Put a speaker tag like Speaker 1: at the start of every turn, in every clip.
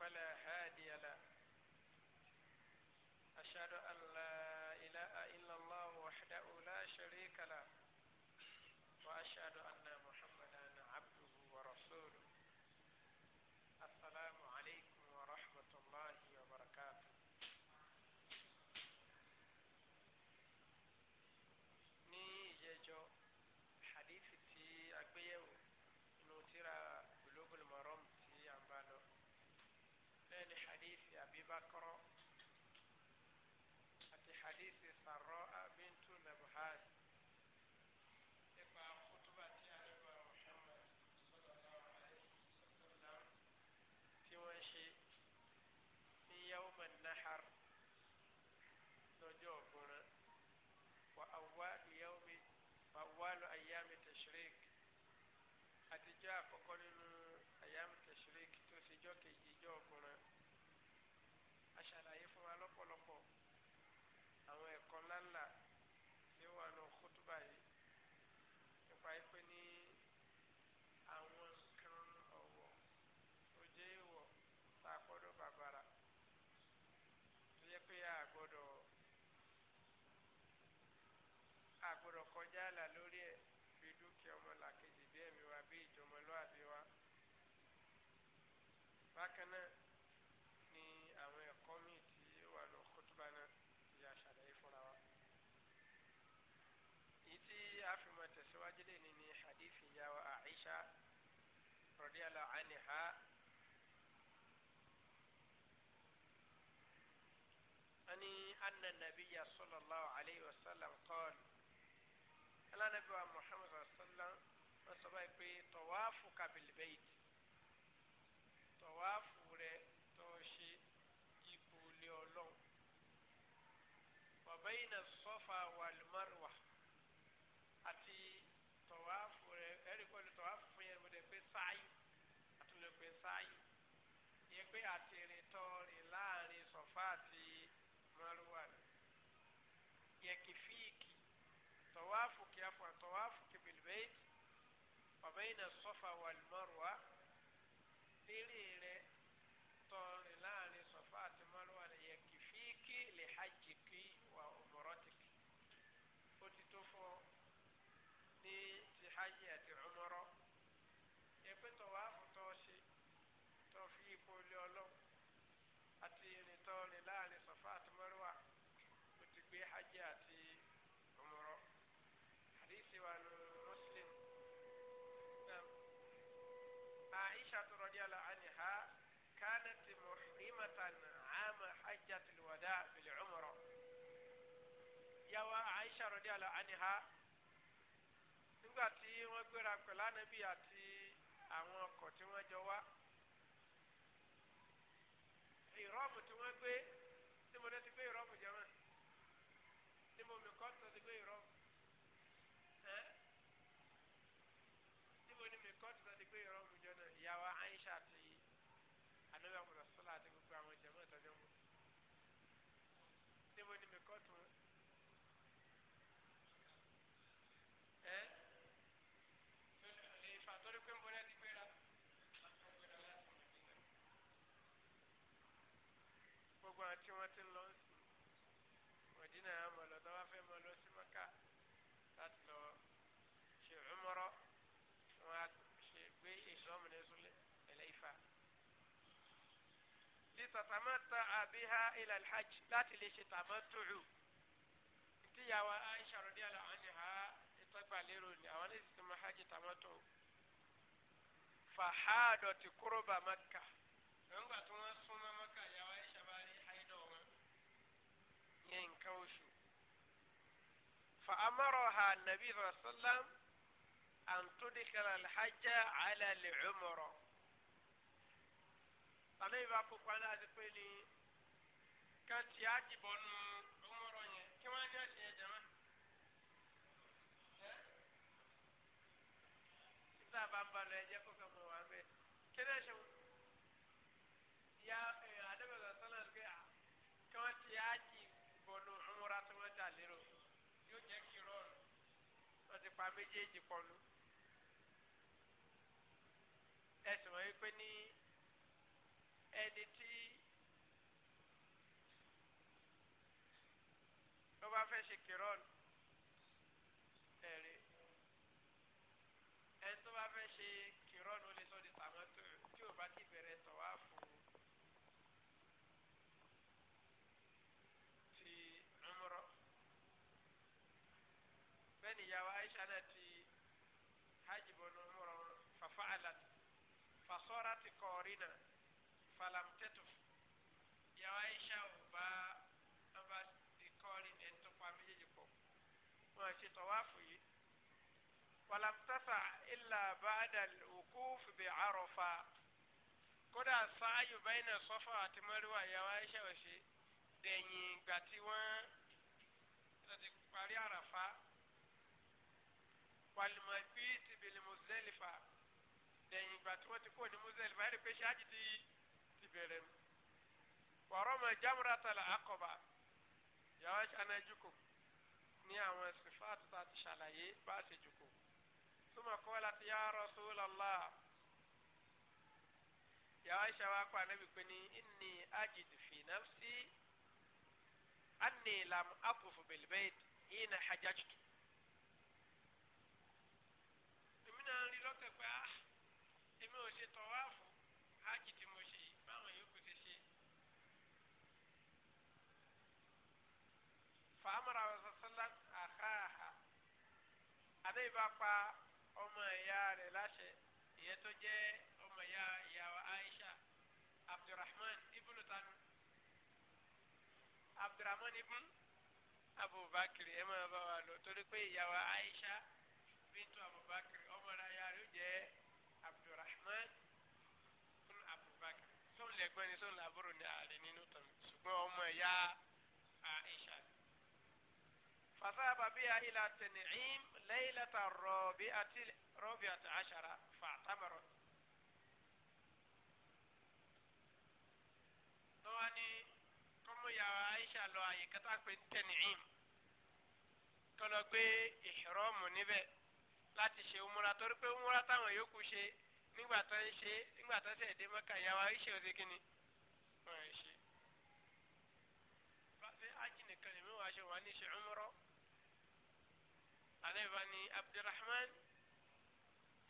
Speaker 1: فلا هادي له أشهد أن النبي صلى الله عليه وسلم قال ألا النبي محمد صلى الله عليه وسلم وصبايك طوافك بالبيت طواف طوافك عفوا طوافك بالبيت وبين الصفا والمروة في yàwá Aisha radiyallahu anha nígbà tí wọ́n gbéra pẹ̀lú ànábì àti àwọn ọkọ̀ tí wọ́n jọ wá ìrọ́ọ̀mù tí wọ́n gbé. gbogbo àwọn tí wọ́n ti ń lọ sí mọ̀dínà àmọ̀ lọ́tọ́ wá fẹ́ mọ̀ lọ sí mọ́kà láti lọ ṣe ọmọrọ wọn á ṣe gbé èso ọmọdé súnlẹ̀ ẹlẹ́ifá. lítàtàmọ́tà àbíhá ilal hajj láti lè ṣe tàmọ́tòrò tíyàwó Aisha radiyallahu anha ìtọ́gbà lérò ni àwọn ní sísè máa hajj tàmọ́tòrò fàhádọ̀ ti kúrò bá Mẹ́kà. nígbà tí wọ́n súnmọ́ yẹn nǹkan oṣù fa amaraha nabi rasulam an tudikala alhaja ala li umra ale b'a ko kwana ati ni kanti a ti bọ nu umra yẹ kí wọn yẹ jama ẹ ba lọ ẹ jẹ ko wa mẹ kí ni ya. pa méjèèjì pọ̀nù ẹ̀sùn wọn wípé ní ẹni tí ó bá fẹ́ ṣe kìrọ́ọ̀nù. ni ìyàwó aisha náà ti hajj bọ̀nù ọ̀rọ̀ fàfà àlàt fasọ́ra ti kọ̀ọ̀rí náà falamtẹ́tù ìyàwó aisha ò bá ọba ti kọ́ọ̀rí ẹ̀ ń tọpa méjèèjì pọ̀ wọn àti tọ́wáfù yìí falamtẹ́tà ilà bàdà òkú fìbè àròfà kódà sáàyù báyìí náà sọ́fà àti mọ́ríwá ìyàwó aisha ò ṣe dẹ̀yìn ìgbà tí wọ́n ti parí àràfà walimafiti bili Muzdalifa lẹ́yìn ìgbà tí wọ́n ti kó ní Muzdalifa ẹ̀rí pé ṣáàjì ti ti bẹ̀rẹ̀ nù. wàrọ̀mọ̀ jamratal akọba yàrá ṣáná jùkọ̀ ní àwọn sifaatu tá a ti ṣàlàyé bá a ṣe jùkọ̀. súnmọ́ kọ́ láti yá Rasulullah yàrá ṣàwá pa anábì pé ní inni ajidu fi nafsi anni lam atufu bilbayt hina hajjajtu. rí lọ́kàn pé ah èmi ò ṣe tọ̀wáàfù hajj tí mo ṣe yìí báwọn yòókù ṣe ṣe. fàámàrà ọ̀sọ̀sọ́lá àháàhà àdéhùn bá pa ọmọ ẹ̀yà rẹ̀ láṣẹ ìyẹn tó jẹ́ ọmọ ẹ̀yà ìyàwó Aisha Abdurrahman ibùdó tanu Abdurrahman ibùdó. Abubakar ẹ máa bá wa lọ torí pé ìyàwó Aisha bintu Abubakar jẹ́ abdulrahman fún abubakar sóun lẹ́gbọ́n ni sóun làbúrò ní ààrẹ nínú tán ṣùgbọ́n ọmọ ẹ̀yà aisha. فذهب بها إلى تنعيم ليلة الرابعة رابعة عشرة فاعتمرت wọ́n ní kọ́mú yàrá aisha lọ àyè kátà pé tẹ̀nìím kọ́lọ́ gbé ìṣòro mù níbẹ̀ láti ṣe umura torí pé umura táwọn yòókù ṣe nígbà tó ń ṣe nígbà tó ṣe èdè mọ́kà ìyàwó iṣẹ́ òde kínní wọ́n ẹ̀ ṣe. báṣẹ́ ájì nìkan lè mẹ́wàá ṣe wọ́n ní ṣe umura. àlẹ́bàá ni abdulrahman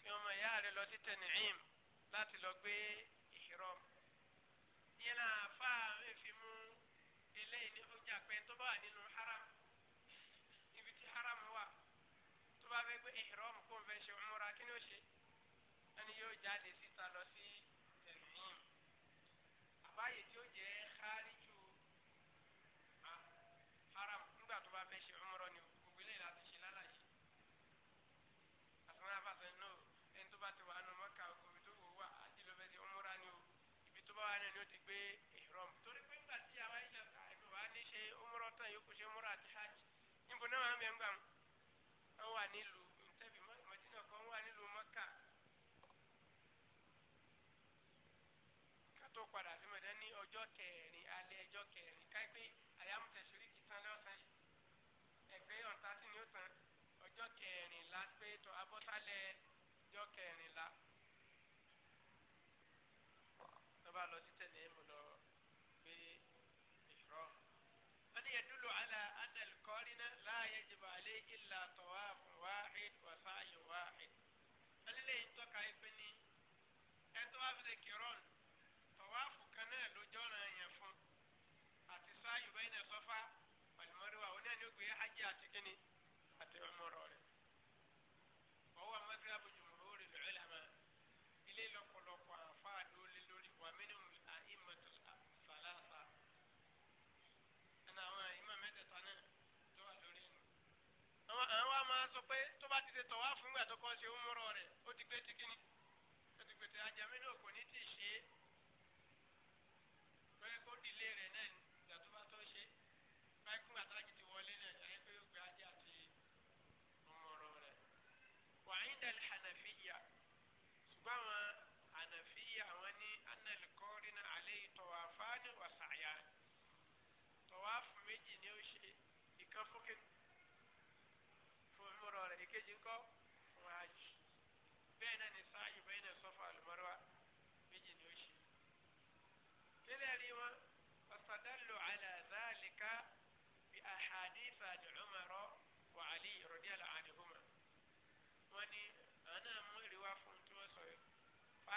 Speaker 1: tí ọmọ ìyá rẹ̀ lọ sí tẹ̀nìcìm láti lọ gbé ìhìrọ̀. yẹn náà fáà ń fi mú eléyìí ní ọjà pé tó bá wà nínú haram. tó bá fẹ́ gbé ihram kó n fẹ́ ṣe umra kí ni ó ṣe ẹni yóò jáde síta lọ sí tẹ̀síìm àbáyé tí ó jẹ́ kárìjù haram nígbà tó bá fẹ́ ṣe umra ni gbogbo ilé láti ṣe lálàyé àtúnwá fàṣẹ náà ẹni tó bá ti wà nù mọ́kà ogun ibi tó wò wá àti ló fẹ́ ṣe umra ni o ibi tó bá wà nù ni ó ti gbé ihram torí pé nígbà tí àwọn ìṣẹ̀lẹ̀ àìkú wa ní ṣe umra tán yóò kó ṣe umra àti hajj níbo náà wà ń bẹ̀ ń gbà wà nílùú tẹ́bi mọ̀dínà kan wà nílùú mọ́kà kátó padà sí mọ̀dá ní ọjọ́ kẹrin alẹ́ ọjọ́ kẹrin káyipé àyàmùtẹ̀síríkì tán lọ́sàn-án ẹgbẹ́ ọ̀ntàtì ni ó tán ọjọ́ kẹrin láti. bá fi ṣe kírọ́n tọ̀wáfù kan náà ló jọ́ràn yẹn fún àti sáyù bẹ́ẹ̀ náà sọ́fà pàlùmọ́rìwá òun náà ni ó gbé hajj àti kínní àti umrah rẹ̀. ọwọ́ amásíra bójú mọ̀rọ́ rẹ̀ lọ́ọ́ làmà ilé lọ́pọ̀lọpọ̀ àǹfààní lórí lórí wà mí nínú àìmọ̀tò fàlàsà. ẹnà àwọn ìmọ̀ mẹ́tẹ̀ẹ̀ta náà tó wà lórí ẹnu. àwọn àwọn máa sọ pé tó bá ti ṣe tọ̀wáfù ńgbà tó kọ́ ṣe umrah rẹ̀ ó ti gbé ti kínní jẹ mí ní òkò ní.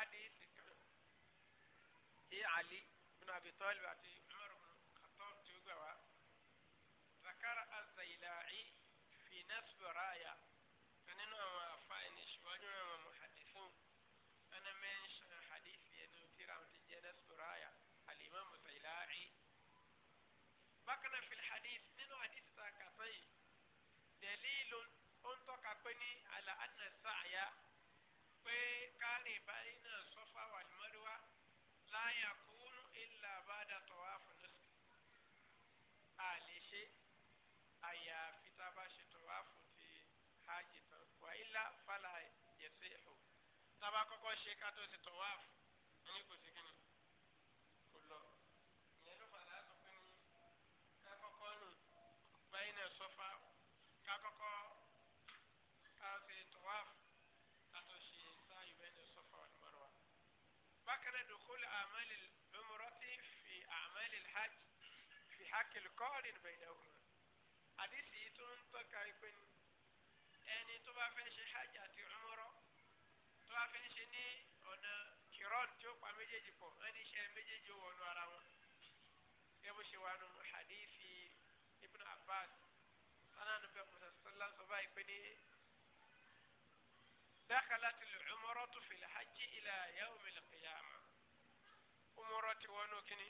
Speaker 1: حديث تي علي بن أبي طالب أتي عمر بن الخطاب تيوغوا ذكر الزيلاعي في نسب راية فنحن وفاين شواجنا ومحدثون أنا منش حديث يعني ترى متجي نسب راية الإمام الزيلاعي بقنا في الحديث نحن حديث ذاكتين دليل أنتو كبني على أن السعي pé kárìn la yakunu illa ba'da tawaful rifq a lè ṣe àyàfi tá a bá ṣe tawafu ti hajj tán wà illa fala yasihu tá a bá kọ́kọ́ ṣe ká tó ṣe tawafu ní kò sí kíni. الحج في حق القارن بينهما àdìsí yìí tó ń tọ́ka pé ẹni tó bá fẹ́ ṣe hajj àti umra tó bá fẹ́ ṣe ní ọ̀nà kìrọ́ọ̀n tí ó pa méjèèjì pọ̀ ẹni iṣẹ́ méjèèjì ó wọnú ara wọn gẹ́gẹ́ bó ṣe wà nù hadithi ibn abbas sanadu bẹ́ẹ̀ musa sọ́lá sọ báyìí pé ní dakhalati al-umratu fil hajji ila yawmil qiyamah
Speaker 2: umra ti wọnú kínní.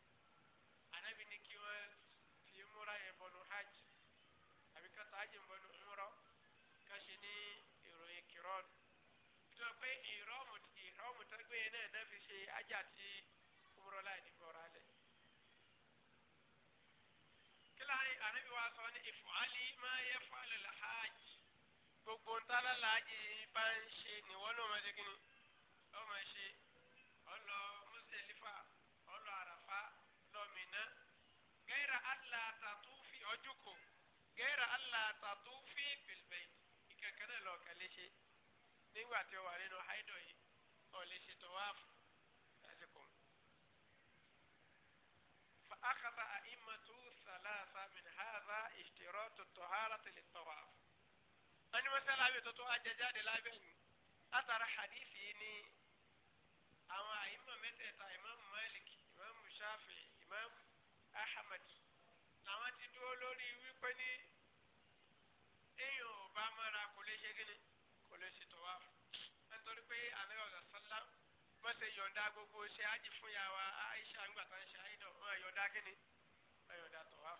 Speaker 1: anabi ní kí wọ́n fi múra yẹn bọ̀nù hajj àbí kátó hajj ń bọ̀nù múra káṣí ní ìròyìn kìrọ́ọ̀n tó pé ìrọ́ọ̀mù ìrọ́ọ̀mù tó gbé yẹn náà náà fi ṣe hajj àti múra láì ní bọ̀rọ̀ alẹ̀. kílá anabi wa sọ ní ìfọ̀hálì máa yẹ fọ́ọ̀lù làhájj gbogbo ntálàlá hajj bá ń ṣe níwọ́n náà máa ṣe kíni ó máa gẹ́rà allah tàtúfì ọjọ́kọ̀ gẹ́rà allah tàtúfì bìlbẹ̀ ìkẹ̀kẹ́ náà lọ kẹ́ léṣe nígbà tí ó wà nínú haidọ̀ yìí ọ̀ lè ṣe tọ́wáfù lásìkò. فأخذ أئمة ثلاثة من هذا اشتراط الطهارة للطواف أنا مثلا أبيتو أجاجاد لابن أترى حديثي إني أما أئمة متى إمام مالك إمام شافعي إمام Ahmad làwọn ti dúró lórí wípé ní èèyàn ò bá mọ́ra kò lè ṣe kíni kò lè ṣètò wá nítorí pé ànábì ọ̀sán sọ́lá wọ́n ṣe yọ̀ǹda gbogbo ṣe ájì fún ya wa Aisha ńgbà tó ń ṣe àyínà wọ́n yọ̀ǹda kíni wọ́n yọ̀ǹda tó wá.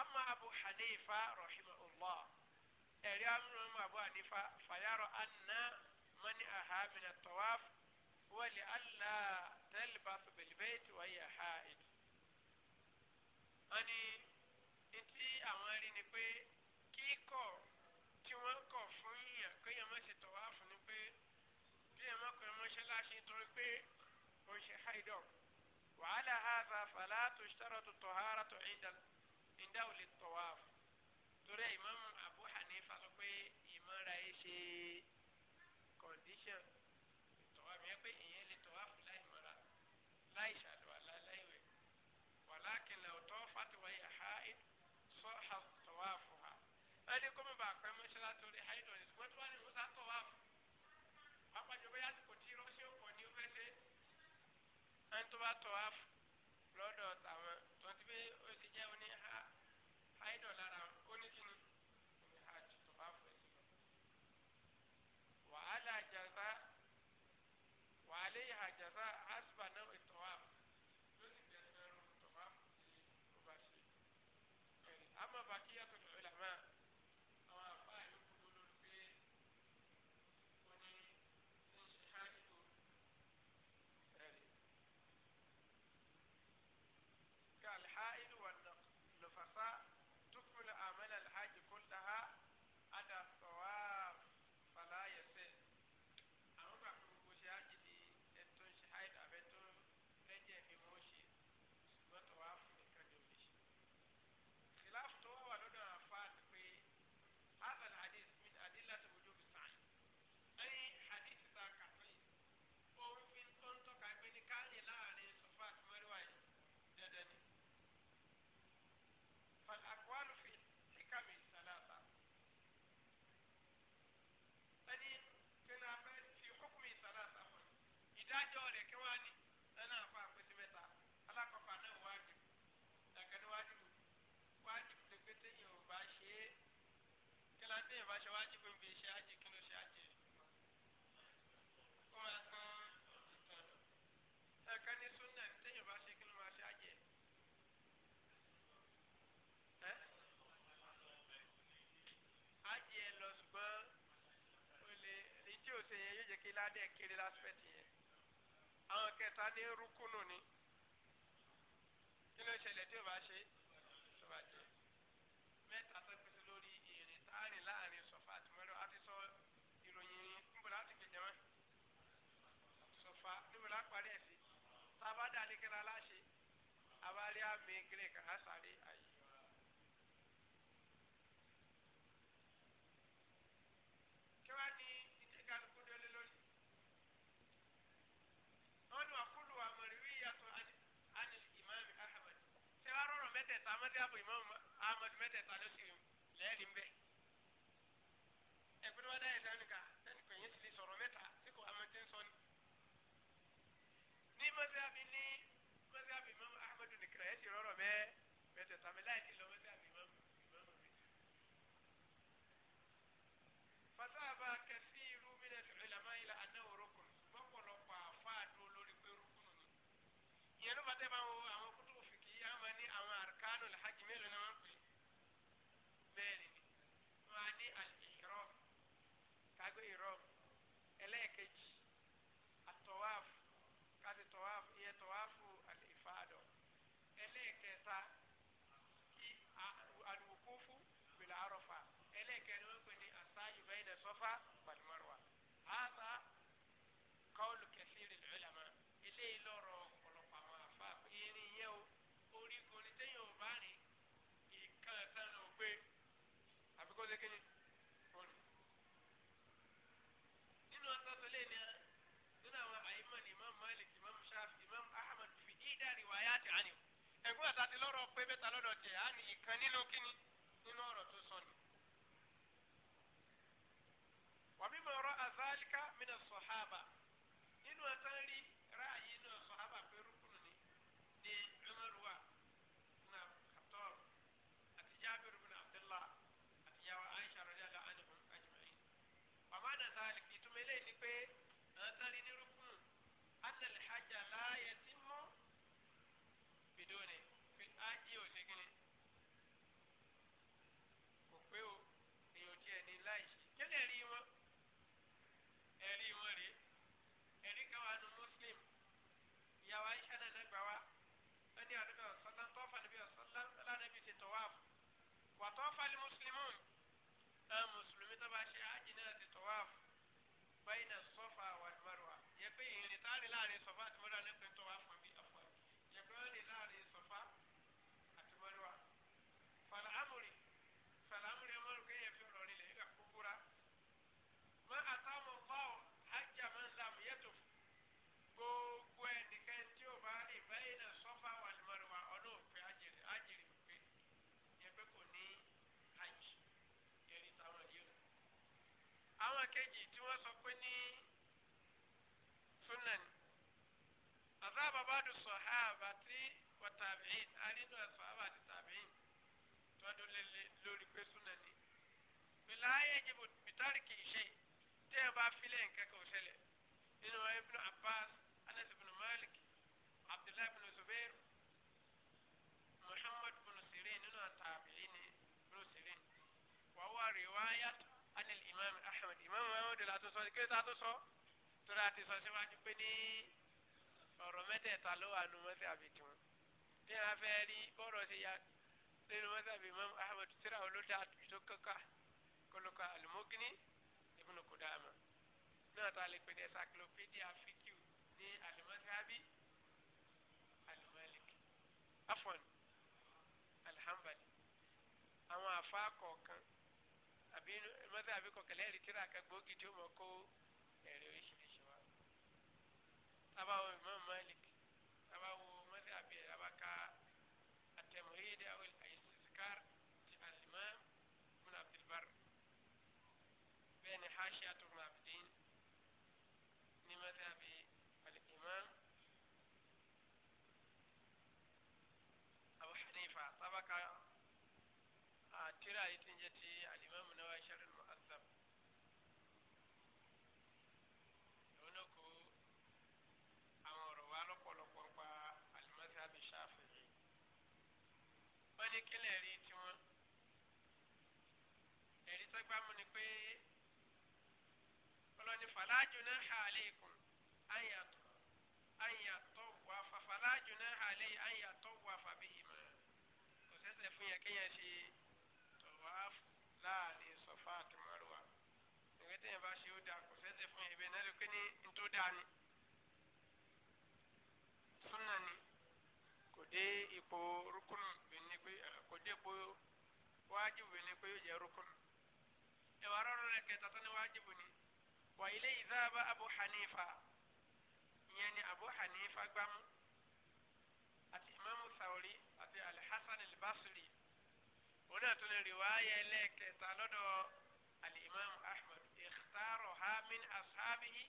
Speaker 1: Amma Abu Hanifa rahimahullah ẹ̀rí amúnú Abu Hanifa fayarọ̀ anna mani ahamina tawaf. ولئلا تلبث بالبيت وهي حائض أني ntí àwọn rí ni pé kíkọ̀ tí wọ́n kọ̀ fún yíyàn pé yẹn má ṣe tọ̀ wá fún ni pé
Speaker 2: bí yẹn má kọ̀ ẹ́ mọ́ṣáláṣí torí pé
Speaker 1: ó ṣe haidọ̀ wàhálà haza fàlà tó ṣàrọ̀ tó tọ̀ hara tó ìdá ò lè tọ̀ wá fún torí ẹ̀ ìmáàmù Abu Hanifa sọ pé ìmọ̀ra ẹ̀ ṣe kọ̀ǹdíṣàn pé èèyàn lè tọ́ àfù láì mọ́ra láì ṣàlùwàlá láì wẹ̀ wàlákin lè tọ́ fàtiwá yà ha sọ ha tọ́ àfù ha ẹni kó mi bá pẹ́ mọ́ṣálá torí haidọ̀ ní ṣùgbọ́n tí wọ́n ní musa tọ́ àfù pápájọ bóyá kò tí rọ́ṣẹ́ òpó ní ó ṣe ẹni tó bá tọ́ àfù lọ́dọ̀ tàwọn tó ti bẹ́ ìdájọ́ rẹ̀ kí wọ́n á ní ẹnu àfa àpèsè mẹ́ta alákọ̀ọ́fà náà wájib ìdàkẹ́ni wájib wájib tó pé téèyàn ò bá ṣe é kí ló téèyàn bá ṣe wájib ń fi ṣe ájì kí ló ṣe ájì kó máa tán ìtàn ẹ̀kan ní súnà téèyàn bá ṣe kí ló máa ṣe ájì ẹ̀ ájì ẹ̀ lọ ṣùgbọ́n olè èyí tí ò ṣe yẹn yóò jẹ́ kí ládẹ́ kiri láspẹ̀tì yẹn àwọn kẹta ní rúkúnù ni
Speaker 2: kí ló ṣẹlẹ̀ tí o bá ṣe
Speaker 1: tó bá jẹ mẹ́ta tó pèsè lórí ìrìn táàrin láàrin sọfà àti mẹ́rọ àti sọ ìròyìn níbo láti gbèjẹ mọ́ sọfà níbo láti parí ẹ̀ sí tá a bá dá ní kẹta láṣẹ a bá àmì gírèkà á sáré. mẹ́tẹ̀ẹ̀ta amadiabu imam ahmed mẹ́tẹ̀ẹ̀ta ló sì lẹ́ẹ̀rí mbẹ́ ẹ̀gbẹ́ni wa dáyẹ̀ sẹ́ni ká sẹ́ni kò yẹn ti lè sọ̀rọ̀ mẹ́ta tí kò amadi sọ ni. ní mọ́sáàbí ní mọ́sáàbí imam ahmed nìkan ẹ̀ sì rọrọ̀ mẹ́ mẹ́tẹ̀ẹ̀ta mi láì ti lọ mọ́sáàbí imam imam mi. fasáàbà kẹsí irú mi náà sọ̀rọ̀ ìlànà anáwó rọkùn bọ́pọ̀lọpọ̀ àfáà dúró lórí pé rúkùn nù عنه الحاج ميلو tá a ti lọ́rọ̀ pé mẹ́ta lọ́dọ̀ tẹ̀ á ní ìkan nínú kíni nínú ọ̀rọ̀ tó sọ ni. wàmí mọ̀ọ́rọ̀ azalika mina sọ̀hábà nínú ẹ̀tàn rí wal muslimun àwọn mùsùlùmí tó bá ṣe hajj náà ti tawaf bayna wọ́n sọ pé ní sunan azaba badu sahaba ti wa tabi'in alinu asahaba ti tabi'in tọdọ lele lórí pé sunan ni bila yajibu bitariki shay tẹ ẹ bá filẹ nǹkan kan ṣẹlẹ nínú ibnu abbas anas ibnu malik abdullahi ibnu zubair muhammad ibnu sirin nínú tabi'in ibnu sirin wàá wá riwayat imam ahmed imam ahmed la tó sọ kí ló ta tó sọ torí a ti sọ síwájú pé ní ọ̀rọ̀ mẹ́tẹ̀ẹ̀ta ló wà nù mọ́tẹ́ àbí tiwọn bí wọn fẹ́ rí bọ́ọ̀rọ̀ ṣe ya nínú mọ́tẹ́ àbí imam ahmed tíra olóda tó kọ́kọ́ kọlọ́kọ́ alimogini ibùnú kudama náà tó a lè pè ní encyclopedia fikiu ní alimọ́tẹ́ àbí alimalik afọ́n alhambali àwọn afa kọ̀ọ̀kan. àbí mọ́tò àbí kọ̀kẹ́lẹ́ ẹ̀rí tíra kan gbòógì tí ó mọ̀ kó ẹ̀rí oríṣiríṣi wa. tábàwọ̀ Imam Malik tábàwọ̀ mọ́tò àbí abaka àtẹ̀mọ̀yédè àwọn àyẹ̀sìkár ti al-Imam Ibn Abdul Barr bẹ́ẹ̀ ni haṣẹ́ àtúrò àbìdín ní mọ́tò àbí al-Imam Abu Hanifa tábàkà àtìrà yìí ti ń jẹ́ ti. ní kílẹ̀ rí tiwọn ẹ̀rí tó gbámu ni pé ọlọ́ni fala junaha alaykum ayàtọ̀ ayàtọ̀ wà fà fala junaha alay ayàtọ̀ wà fà bihima kò sẹ́sẹ̀ fún yẹn kéèyàn ṣe tọ̀wáfù láàrin Safa àti Marwa ìwé téèyàn bá ṣe ó dáa kò sẹ́sẹ̀ fún yẹn ibẹ̀ náà ló pé ní ntó dáa ni súnà ni kò dé ipò rúkúnù pé kò dé po wájibù ni pé yóò jẹ́ rúkún ẹ̀wà rọrùn rẹ̀ kẹta tó ní wájibù ni wà ilé ìdáàbà abu hanifa ìyẹn ni abu hanifa gbámú àti imaamu sauri àti alhassan albasri
Speaker 2: wọn náà tún lè riwaayẹ ẹlẹ́ẹ̀kẹta
Speaker 1: lọ́dọ̀ alimaamu ahmed ìkhtaro hamin ashabihi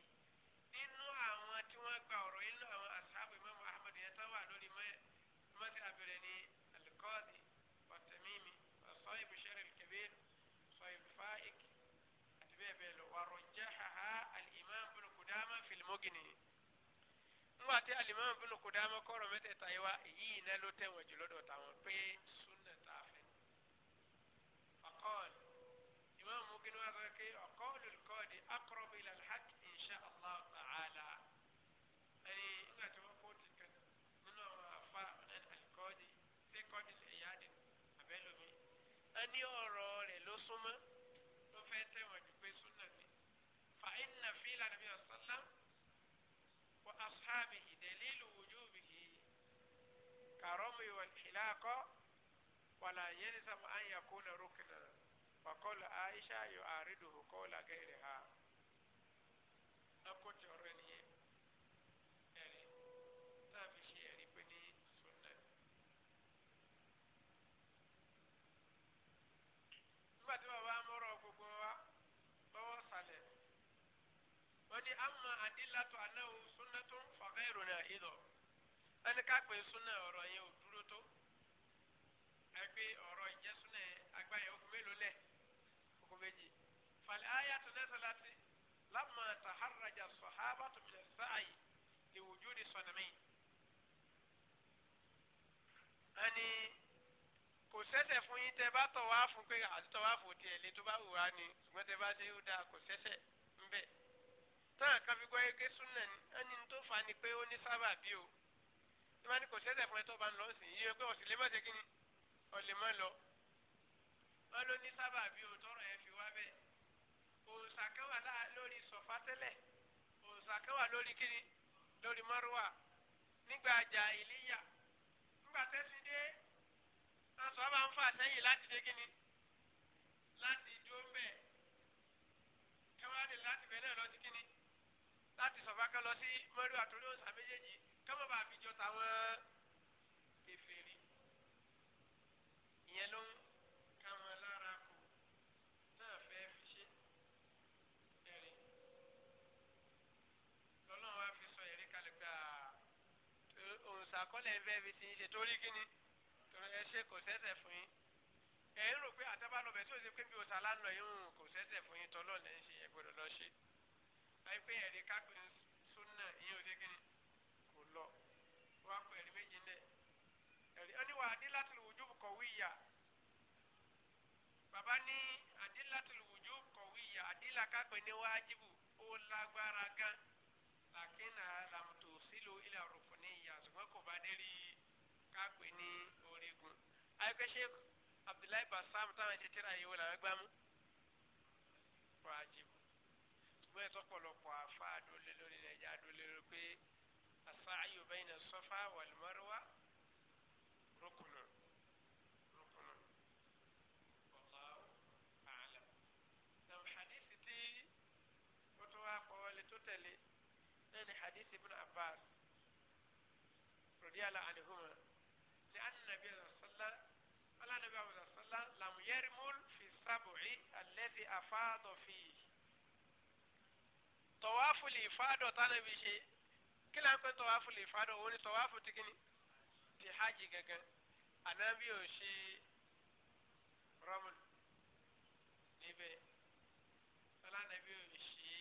Speaker 1: nínú àwọn tí wọ́n gba ọ̀rọ̀ nínú àwọn ashabu imaamu ahmed yẹn tó wà lórí mẹ́ẹ̀. méjì nìyí nígbà tí alimami bin Kudama kọ̀rọ̀ mẹ́tẹ̀ẹ̀ta yìí wá èyí iná ló tẹ̀wọ̀n jù lọ́dọ̀ táwọn pé súnà tá a fẹ́. ọ̀kọ́ọ̀l imam mugin wa sọ pé ọ̀kọ́ọ̀lù kọ́ọ̀dì aqrabu ila al-haqq insha allah ta'ala. ẹni nígbà tí wọ́n kó ti kàn nínú àwọn afa ọ̀nà alikọ́ọ̀dì ṣé kọ́ọ̀dì lè yá di abẹ́lómi.
Speaker 2: a ní ọ̀rọ̀ rẹ̀ ló súnmọ́
Speaker 1: ló fẹ́ tẹ̀wọ̀n jù pé súnà ni. fa inna fi lànà bí أصحابه دليل وجوبه كرمي والحلاقة ولا يلزم أن يكون ركنا وقول عائشة يعارضه قول غيرها
Speaker 2: ni ama adilatu anahu
Speaker 1: sunnatun fagairu na idọ ẹni ká pè sunna ọ̀rọ̀ yẹn ò dúró tó ẹgbẹ ọ̀rọ̀ ìjẹ sunna yẹn agbáyẹ okùn mélòó lẹ okùn méjì falẹ ayatu nasalati lamma taharraja sahabatu min sa'yi li wujudi sanamin ẹni kò sẹsẹ fún yín tẹ bá tọ wá fún pé àti tọ wá fún tiẹ lé tó bá wù wá ni ṣùgbọ́n tẹ bá dé ó dáa kò sẹsẹ ńbẹ táwọn kan fi gbọ́ yé ké súnà ni ẹni tó fa ni pé ó ní sábà bí o tí wọ́n ní kò sẹ́sẹ̀ fún ẹ tó bá ń lọ sí yíyẹ pé ọ̀sìn lè má ṣe kíni ọ̀lẹ̀ má lọ. wọ́n ló ní sábà bí o tọrọ yẹn fi wá bẹ́ẹ̀ òòsà kan wà lórí sọ̀fà tẹ́lẹ̀ òòsà kan lórí kíni
Speaker 2: lórí márùwà
Speaker 1: nígbà àjà ìlíyà nígbà tẹ́sí dé aṣọ bá ń fà sẹ́yìn láti dé kíni láti dúró mbẹ́ ẹ lè láti bẹ̀ náà lọ sí kíni láti sọ̀fà kan lọ sí mọ́rí àtòrí òǹsà méjèèjì kọ́mọ́ bá fi jọ tàwọn kèfèrí ìyẹn ló ń káwọn lára kù náà fẹ́ fi ṣe ẹ̀rí lọ́nà wa fi sọ ẹ̀rí kalẹ̀ gbà òǹsà kọ́lẹ̀ ń fẹ́ fi ti ń ṣe torí kíni torí ẹ ṣe kò sẹ́sẹ̀ fún yín ẹ̀ ń rò pé àtàbà bẹ̀ tí ò ṣe pé bí òǹsà lánàá yín kò sẹ́sẹ̀ fún yín tọ́lọ́ lẹ́yìn ṣe ẹ̀ gbọ́dọ̀ lọ ṣe ayé pé ẹ̀rí kápẹ́ súnà ìyẹn ò dé kíni kò lọ wọ́n á kọ ẹ̀rí méjì náà ẹ̀rí oníwà adilatul wujub qawiyya bàbá ní adilatul wujub qawiyya adílà kápẹ́ ní wájibu ó lágbára gan làkínà làmùtò sílò ilà rukuniyya ṣùgbọ́n kò bá dé rí kápẹ́ ní orígun ayé pé sheikh basam táwọn ẹ̀jẹ̀ tíra yìí wọ́n làwọn gbámú wájibu ṣùgbọ́n ẹ̀ tọ́pọ̀lọpọ̀ àfa àdólé lórí rẹ̀ já àdólé lórí pé as-sa'yu bayna as-safa wal-marwa rukunu rukunu wallahu a'lam. nam hadith tí ó tún wá pọ̀ wọlé tó tẹ̀lé náà ni hadith ibn abbas radiyallahu anhuma ní annabi sallallahu alaihi wa sallam lam yarmul fi sab'i alladhi tọ̀wáfù lè fádọ̀ tánàbí ṣe kí ló ń pẹ́ tọ̀wáfù lè fádọ̀ òun ni tọ̀wáfù ti kíni ti hajj gangan ànábì ò se rọ́mùn níbẹ̀ ọlànàbí ò ṣe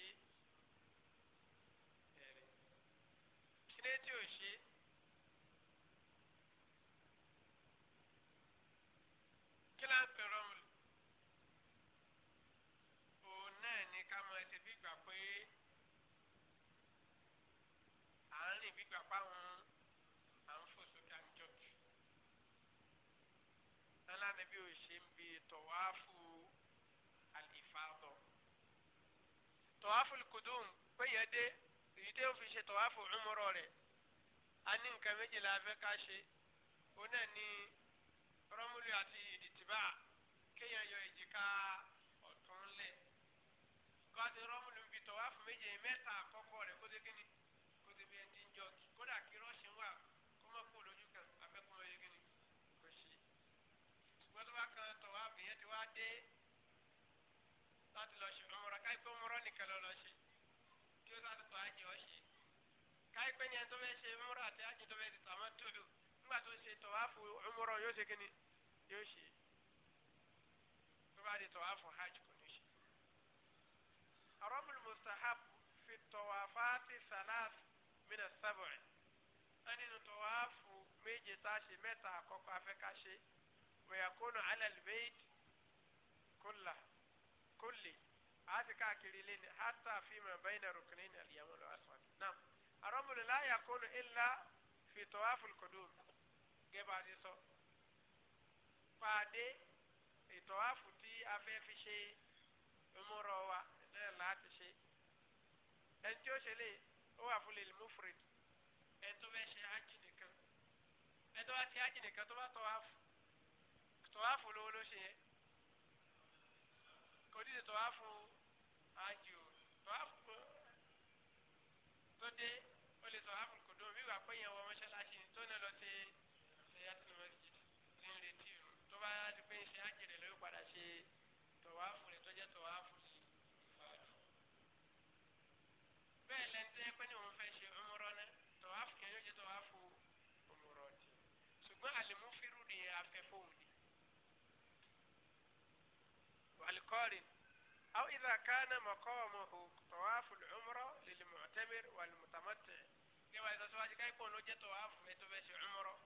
Speaker 1: ẹ̀rẹ̀ kí ni tí ò ṣe. tá nàbí ò ṣe ń bi tọ̀wáfù àlìfàdọ̀ tọ̀wáfù kùdùm péyẹ̀dé èyí tẹ́ ò fi ṣe tọ̀wáfù ọmọrọ̀ rẹ̀ a ní nǹkan méjì la fẹ́ ká ṣe ó náà ní rọ́múlù àti ìdìtìbà kéèyàn yọ èjìká ọ̀tún lẹ̀
Speaker 2: kó a ń bi tọ̀wáfù méje
Speaker 1: mẹ́ta àkọ́kọ́ rẹ̀ kó dé kí ni. dé láti lọ ṣe ọmọrọ káyí pé ọmọrọ nìkan lọ lọ ṣe kí ó sáré kọ àjẹ ọṣẹ káyí pé ní ẹni tó fẹ́ ṣe ọmọrọ àti àjẹ tó fẹ́ ṣe tàmọ́ tó lò nígbà tó ṣe tọ̀wáfù ọmọrọ yóò ṣe kíni yóò ṣe tó bá di tọ̀wáfù hajj kò ní ṣe. arọ́bùl mustahab fi tọ̀wáfáàtì salas mina sábọ̀ẹ̀ ẹni méje tá a ṣe mẹ́ta àkọ́kọ́ ṣe wẹ̀yà kónú alẹ́ kólà kólè a ti káàkiri ilé ni hata fíìmù bayna ruknayn al-yaman wal-aswad náà àrọ́mọlẹ̀ láyà kónú illa fi tawaful qudum gẹ́gẹ́ bá a ti sọ pàdé ìtọ́wáfù tí a fẹ́ fi ṣe múrọ̀ wa náà láti ṣe ẹni tí ó ṣe lè ó wà fún lèlè mufrid ẹni tó fẹ́ ṣe hajj nìkan ẹni tó bá ṣe hajj nìkan tó bá tọ́wáfù tọ́wáfù lówó ló ṣe yẹn kò ní ṣe tọ́wáfù ájì o tọ́wáfù tó dé ó lè tọ́wáfù kò dùn wíwà pé yẹn wọ mọ́ṣáláṣí tó náà lọ sí ṣèyàtì mọ́ṣáláṣí ní retí o tó bá ti pé ṣe ájì مقارن أو إذا كان مقامه طواف العمرة للمعتمر والمتمتع كما إذا سواج كاي كون لو طواف متو بس عمره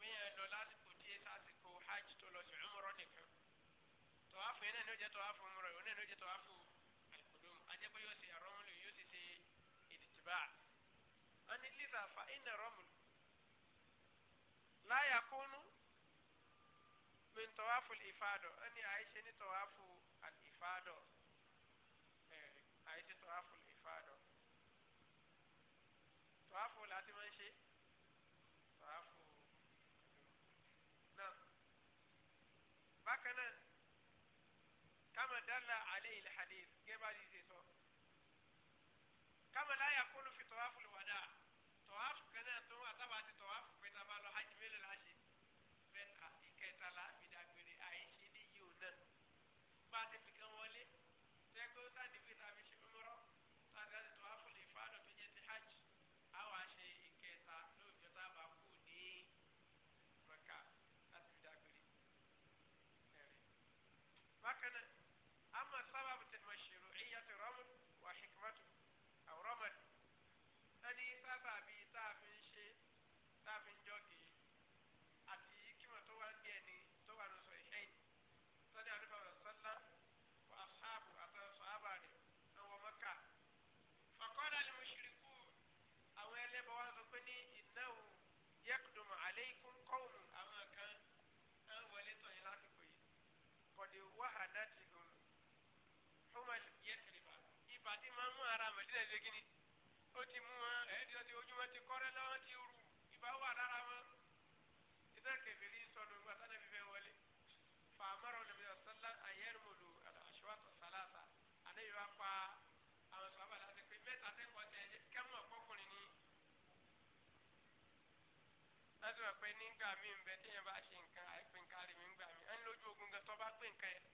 Speaker 1: مين لو لازم تي ساسكو حج تو لو عمره نيكو طواف هنا نو طواف عمره هنا نو طواف القدوم أجب يوسي الرمل يوسي سي الاتباع أن لذا فإن الرمل لا يكون من طواف الإفادة أني عايشة طواف al-ifada eh, àyè ṣe tọ́wáfù al-ifada tọ́wáfù láti máa ń ṣe tọ́wáfù náà bákan náà kama dala alayhi al-hadith gẹ́gẹ́ ti sọ kama la yakunu fi tọ́wáfù al wahanatihum humal Yathriba ibà tí máa ń mú ara Mẹdínà ṣe kí ni ti mú wọn ẹ̀ẹ́dì láti ti kọ́rẹ́ lọ́wọ́ ti rú ibà wà lára wọn ìtàn kẹfìrí sọnù ìgbà sánà fífẹ́ wọlé fàmọ́rọ̀ nàbí ọ̀sánlá ayẹ́rùmọ̀lù àṣewàtò sálàtà ànáyè wa pa àwọn sọ̀rọ̀ àbàlá ti pé mẹ́ta tẹ́ kọ́ tẹ kẹ́mọ̀ ọ̀pọ̀kùnrin ni láti wà pé nígbà mí ń bẹ téèyàn bá ṣe nǹkan àìpé nǹkan rẹ̀ mí ń gbà mí ẹni lójú ogun gan tó bá pé nǹkan yẹn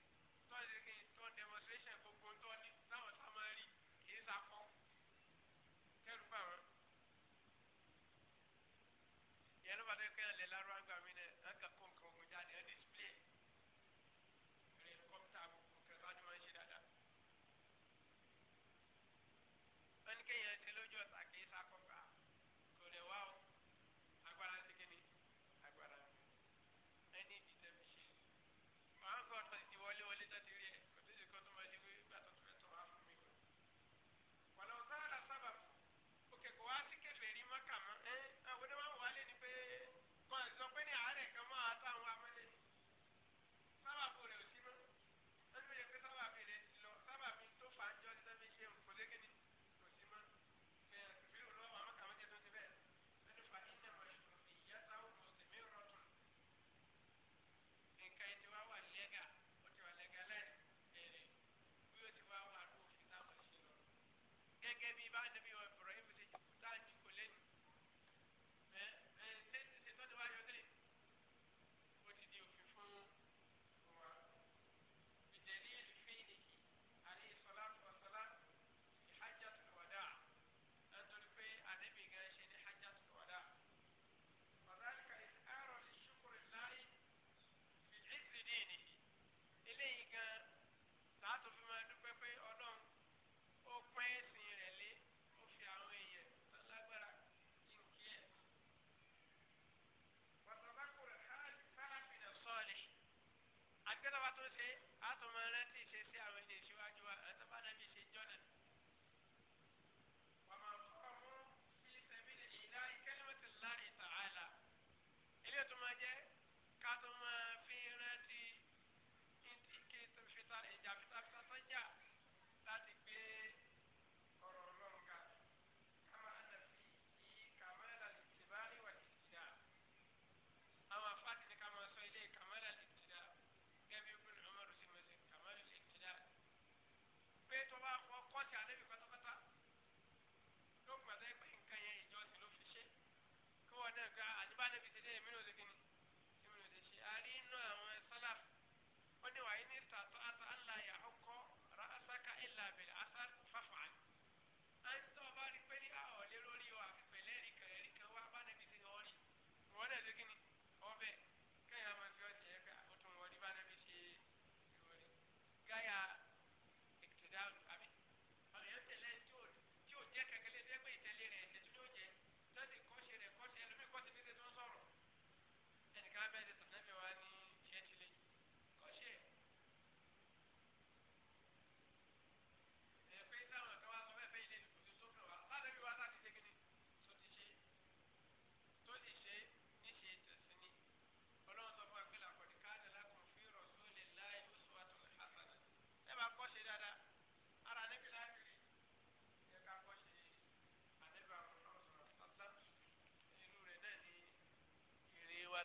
Speaker 1: by the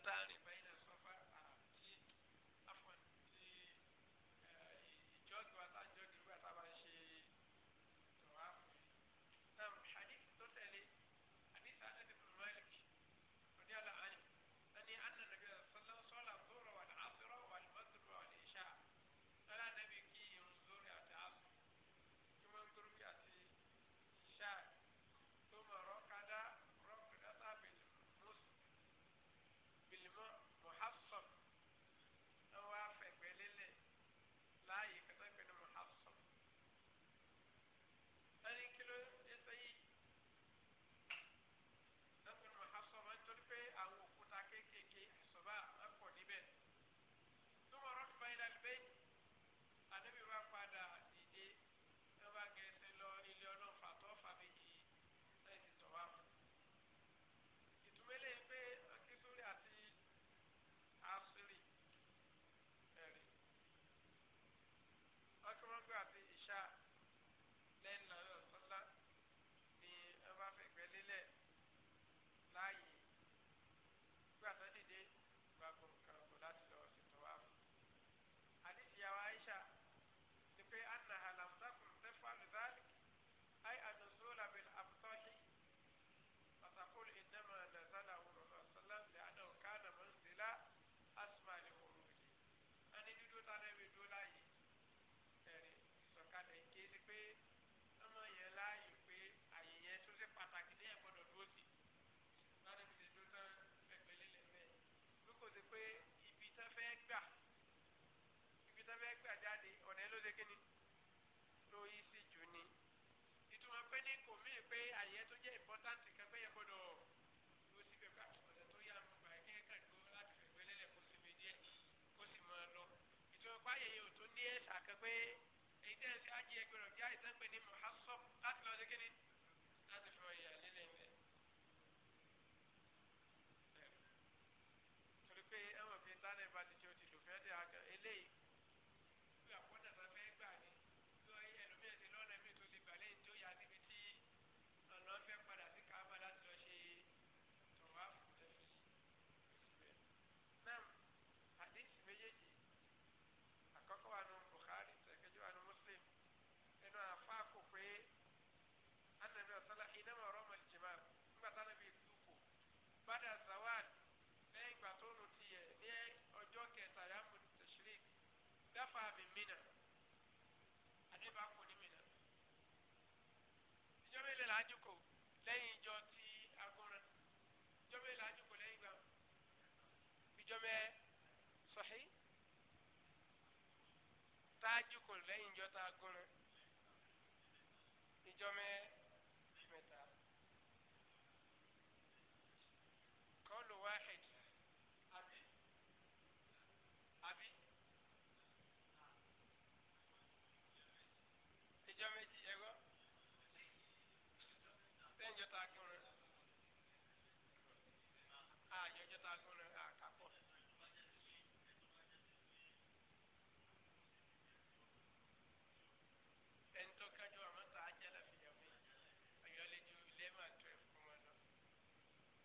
Speaker 1: Atari pé àyè tó jẹ́ important kan pé yẹ gbọ́dọ̀ dúró síbẹ̀ pé ọ̀sẹ̀ tó yá mo gbà kí ẹ kàn dúró láti fẹ̀gbẹ́ lẹ́lẹ̀ kó sinmi díẹ̀ kó sì máa lọ. ìtumọ̀ pé ayẹyẹ ò tó ní ẹ̀ṣà kan pé èyí tẹ́ ẹ sí ajé ẹgbẹ̀rún jẹ́ àìsàn pé ní mọ̀hásọ́ láti lọ́ọ́ lájúkò lẹ́yìn ìjọ ti agbóran ìjọ mẹ́rin lájúkò lẹ́yìn ìgbà ìjọ mẹ́rin sọ̀hí tájúkò lẹ́yìn ìjọ ta agbóran ìjọ mẹ́rin. jẹta gbọrọ àyọ jẹta gbọrọ àkàpọ. ẹnitọ́ kájọ àmọ́ tá a jẹ́lẹ̀ fìyà mi ayọ̀lẹ́jọ ilé máa tọ́ ẹ̀ fún wọn lọ.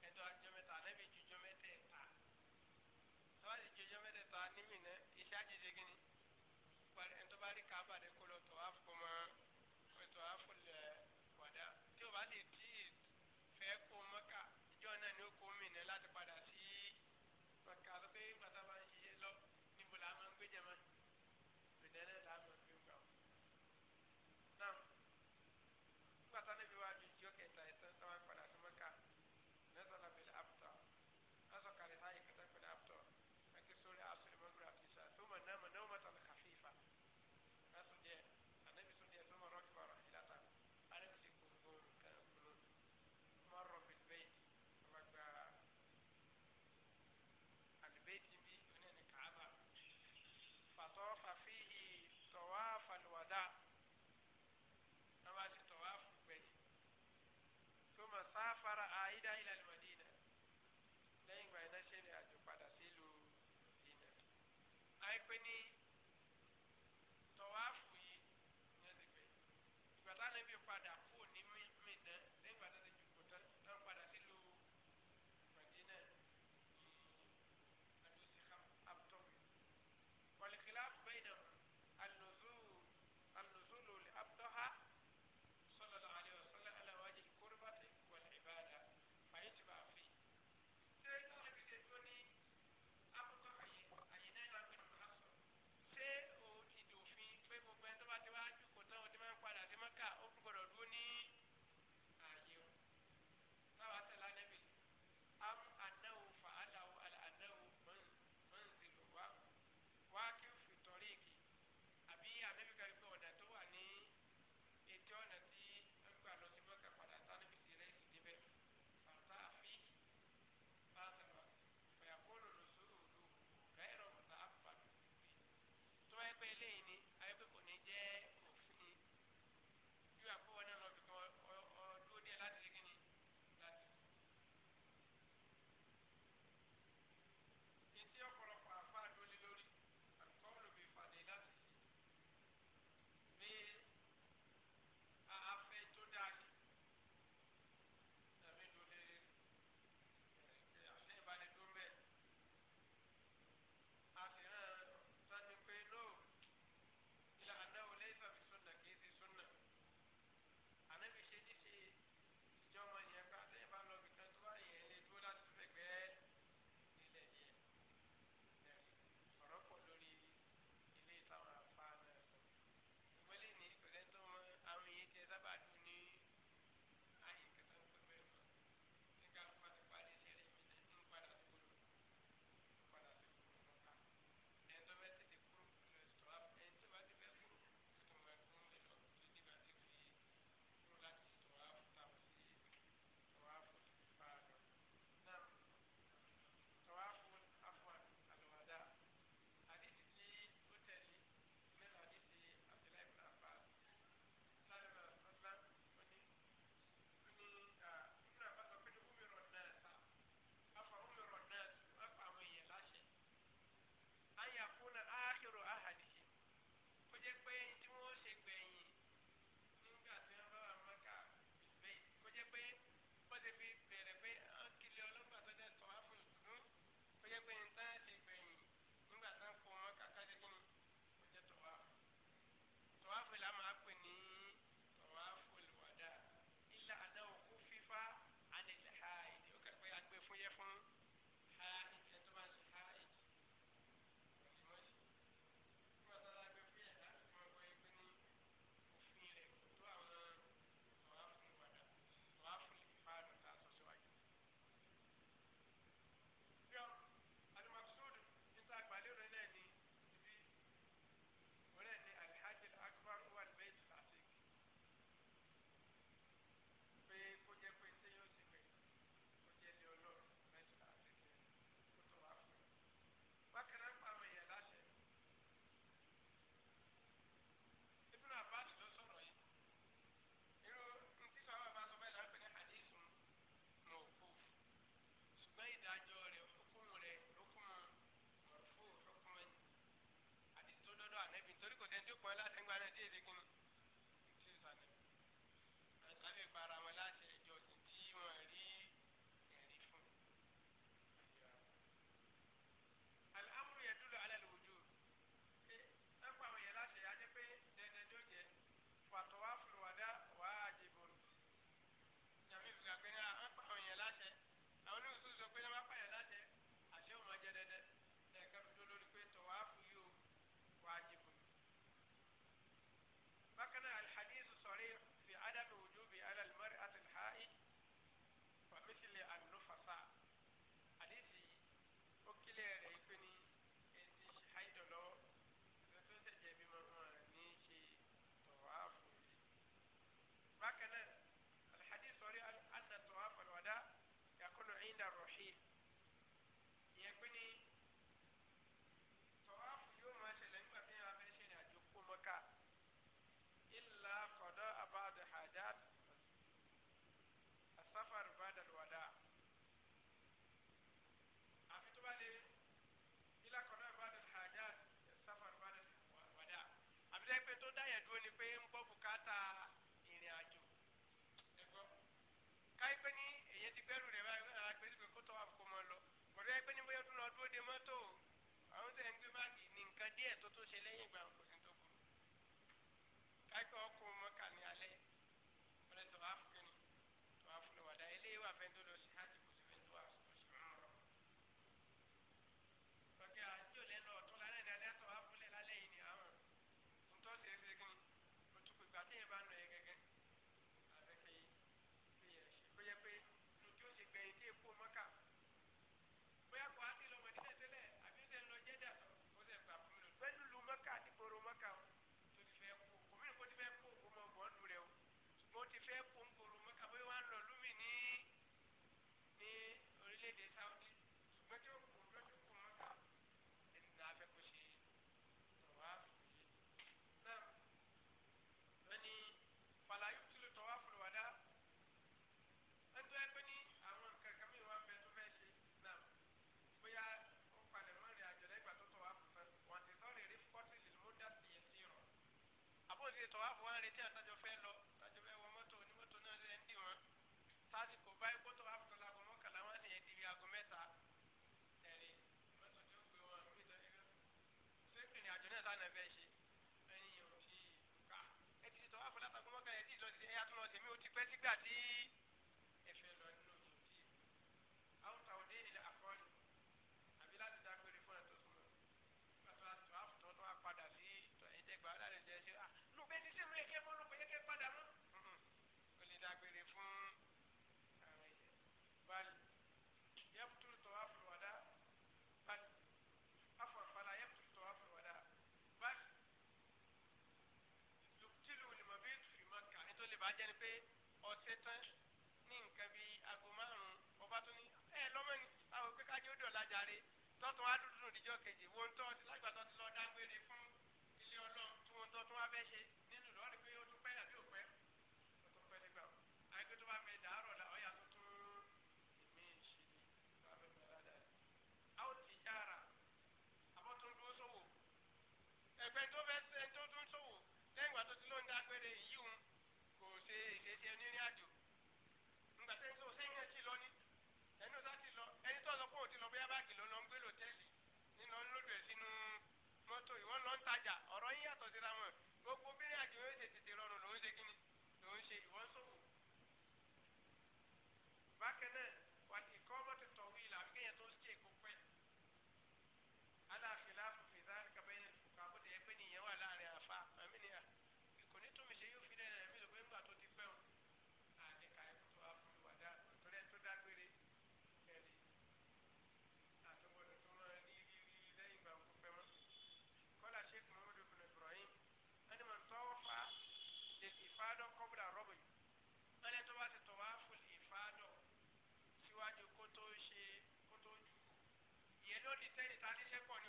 Speaker 1: ẹnitọ́ àjọ mẹ́ta anábì jíjọ mẹ́ta ẹ̀ ta. sábà ti jíjọ mẹ́ta ẹ̀ ta nímìnà iṣẹ́ àjẹjẹ gíní. ẹnitọ́ bá rí kábàdé kó lọ tọ́ wá fún. Equity gbẹ́rù rẹ̀ báyìí wọ́n àgbẹ̀ síbi kó tọ́ àbùkù mọ́ lọ. bọ̀dọ̀ ẹgbẹ́ ní bóyá tún lọ dúró de mọ́tò àwọn tẹ̀ ń gbé báàgì ní nǹkan díẹ̀ tó tó ṣe lẹ́yìn ìgbà kò sí tó burú. káàkiri ọkùn tí àtàjọ fẹ́ lọ àtàjọ fẹ́ wọ mọ́tò ní mọ́tò náà ṣe ń dì wọ́n sásìkò báyìí kótó àbùtọ́ lago mọ́kànlá wọ́n sì ń di bí aago mẹ́ta ẹ̀rí mọ́tò tí ó gbé wọn mí tọ́ ẹ̀rọ ṣé ìrìn àjò náà sáà nàfẹ́ ṣe ẹ̀yìn òun ti ká ẹ ti tọ́ àbùtọ́ lago mọ́kànlá ẹ ti lọ sí ẹ̀yà tó lọ sí mi ó ti pẹ́ sígbà tí. bá jẹ́ ni pé ọ̀sẹ̀ tán ní nǹkan bíi aago márùn-ún ọba tó ní ẹ lọ́mọ ni àwọn pé kájí ó dọ̀la jàre tọ́tún wá dúdú níjọ́ kejì wọ́n tọ́ ti lágbàtọ́ ti lọ́ọ́ dágbére fún ilé ọlọ́run tí wọ́n tọ́ tún wá fẹ́ ṣe. ló di sẹ́yìn ta níṣẹ́ pọ̀ ní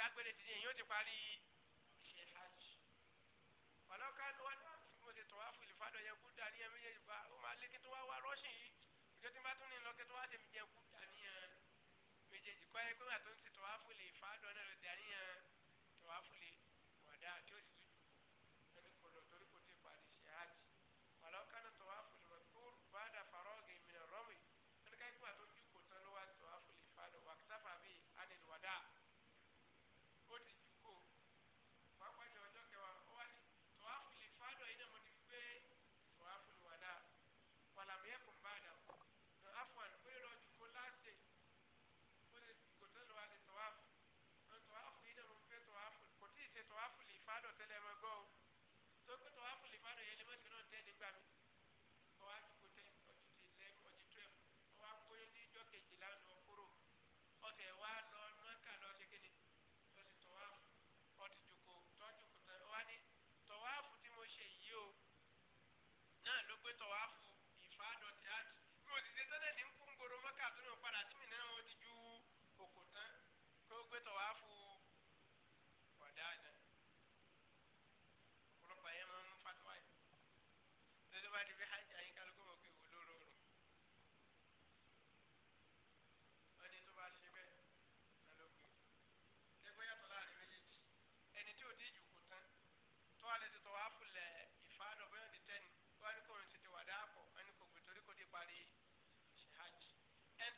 Speaker 1: dágbére ti ní èyí ó ti parí iṣẹ́ hajj ọlọ́kàlù wọn náà fi mo ṣe tọ́wá fún ìlúfàdọ̀ yẹn kú dání ẹ méjèèjì bá ó máa lé kí tó wá wá rọ́ṣìn yìí ìjọ tí bá tún ní lọ kí tó wá ṣe mi kú dání ẹ méjèèjì kọ́ ẹ pé wà tó ń ṣe tọ́wá fún ìlúfàdọ̀ náà lọ dání ẹ.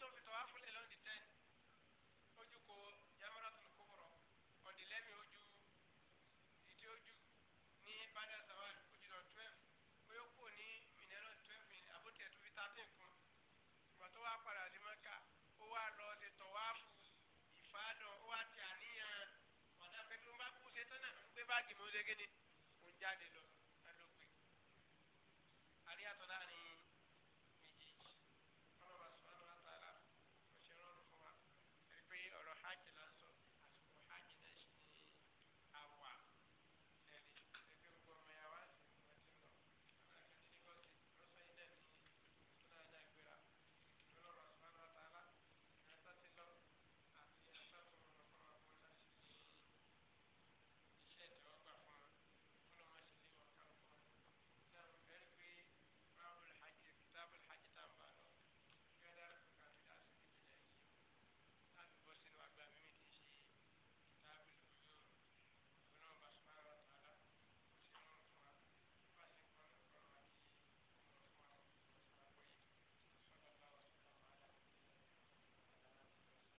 Speaker 1: tó fi tọ́wá fúnlẹ̀ lọ́ndì ten ojú kò jamara tó kó bọ̀rọ̀ ọ̀dìlẹ́mi ojú ìdí ojú ní bàdà sàwọn ojú lọ twelve oyó kò ní mìnẹ́lọ twelve ní àbótiẹ̀ tó fi thirteen fún ìgbà tó wá padà sí mẹ́ka ó wá lọ ṣe tọ́wá fún ìfádàn ó wá ti àníyàn ọ̀dà pẹ̀lú bá kú ṣe náà ń gbé báàgì mi ó jáde lọ.